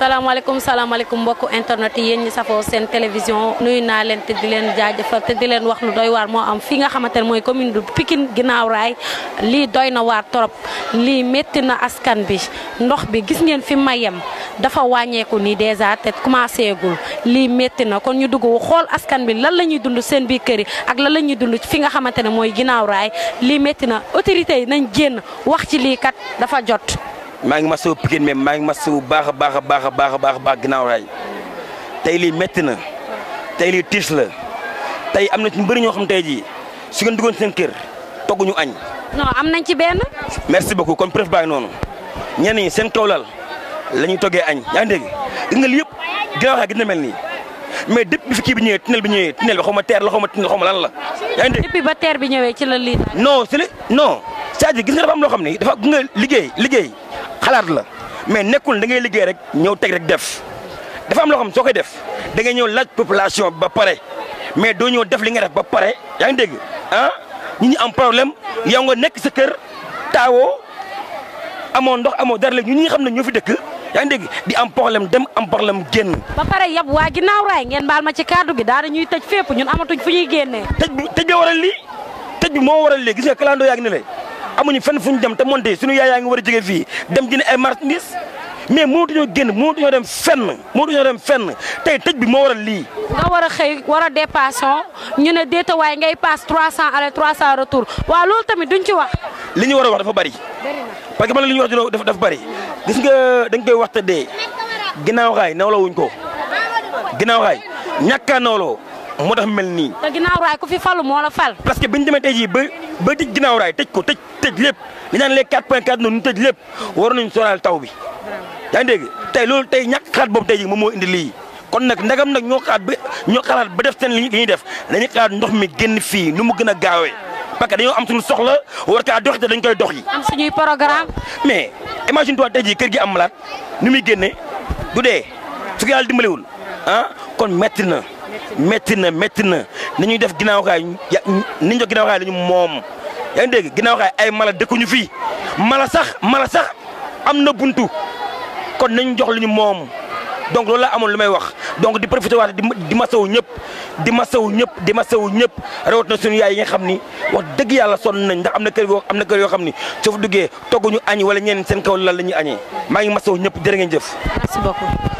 salaamaaleykum salaamaaleykum mbokku internet yi yéen ñi safoo seen télévision nuyu naa leen te di leen jaajëfal te di leen wax lu doy waar moo am fi nga xamante ne mooy commune du pikin ginnaaw raay lii doy na waar trop lii métti na askan bi ndox bi gis ngeen fi mayem dafa wàññeeku nii dèjà te commencé gul lii métti na kon ñu dugg xool askan bi lan la ñuy dund seen biir kër yi ak lan la ñuy dund fi nga xamante ne mooy ginnaaw raay lii métti na autorité yi nañ génn wax ci lii kat dafa jot. maa ngi masawu Pikine même maa ngi masawu baax a baax baax a baax a baax a baax ginnaaw raay tey lii métti na tey lii tiis la tey am na ci mbëri ñoo xam tey jii su seen kër togguñu añ. am nañ ci benn. merci beaucoup kon preuve noonu ñenn ñi seen kawlal la ñuy toggee añ yaa ngi dégg gis nga yëpp ginnaaw raay gi dina mel nii mais depuis ñëwee tunnel bi ñëwee tunnel bi xaw ma teer la ma lan la. yaa ngi bi ñëwee ci la lii. non c'est non c'est-à-dire dafa am loo xam ne dafa gis nga liggéey liggéey xalaat la mais nekkul da ngay liggéey rek ñëw teg rek def dafa am loo xam soo koy def da ngay ñëw laaj population ba pare mais doo ñëw def li nga def ba pare yaa ngi dégg ah ñu am problème yow nga nekk sa kër taawoo amoo ndox amoo dara léegi ñun ñi xam ne ñoo fi dëkk yaa ngi dégg di am problème dem am problème génn. ba pare yab waa ginnaaw raay ngeen baal ma ci kàddu gi daal ñuy tëj fépp ñun amatuñ fu ñuy génnee. tëj bi tëj bi waral lii tëj bi moo waral lii gis nga kalandoo yaa ngi ne amuñu fenn fu ñu dem te monte suñu yaay yaa ngi war a jógee fii dem dina ay marchandises mais mënatuñoo génn mënatuñoo dem fenn mënatuñoo dem fenn tey tëj bi moo waral lii. nga war a xëy war a dépasson ñu ne déeta waaye ngay paas 300 aller 300 retour waaw loolu tamit duñ ci wax. li ñu war a wax dafa bari. parce que man li ñu wax dafa dafa bari. gis nga dañ koy wax te dee ginnaaw raay nawloo wuñ ko ginnaaw raay ñàkk a nawloo moo tax mel nii. te ginnaaw raay ku fi falu moo ba tëj ginnaaw raay tëj ko tëj tëj lépp li naan les 4 point 4 noonu ñu tëj lépp war nañu sóoraal taw bi yaa ngi loolu tey ñàkk xalaat boobu tey ji moom moo indi lii kon nag ndagam nag ñoo xalaat ba ñoo xalaat ba def seen li ñuy def dañuy xalaat ndox mi génn fii nu mu gën a gaawee parce que dañoo am suñu soxla war kaa dox te dañ koy dox yi am suñuy programme mais imagine toi tey kër gi am malaat nu muy génne du dee su ko yàlla dimbaliwul ah kon metti na metti na metti na nañuy def ginnaaw kaay niñ def ginnaaw kaay lañu moom yaa ngi dégg ginnaaw xaay ay mala dëkkuñu fii mala sax mala sax am na buntu kon nañ jox lu ñu moom donc loolu laa amoon lu may wax donc di profité waate di masawu ñëpp di masawu ñëpp di masawu ñëpp rawat na suñu yaay yi nga xam ni wax dëgg yàlla son nañ ndax am na kër yoo am na kër yoo xam ni soo fa duggee togguñu añ wala ñeneen seen kaw lal la ñuy añee maa ngi masawu ñëpp jërë jëf merci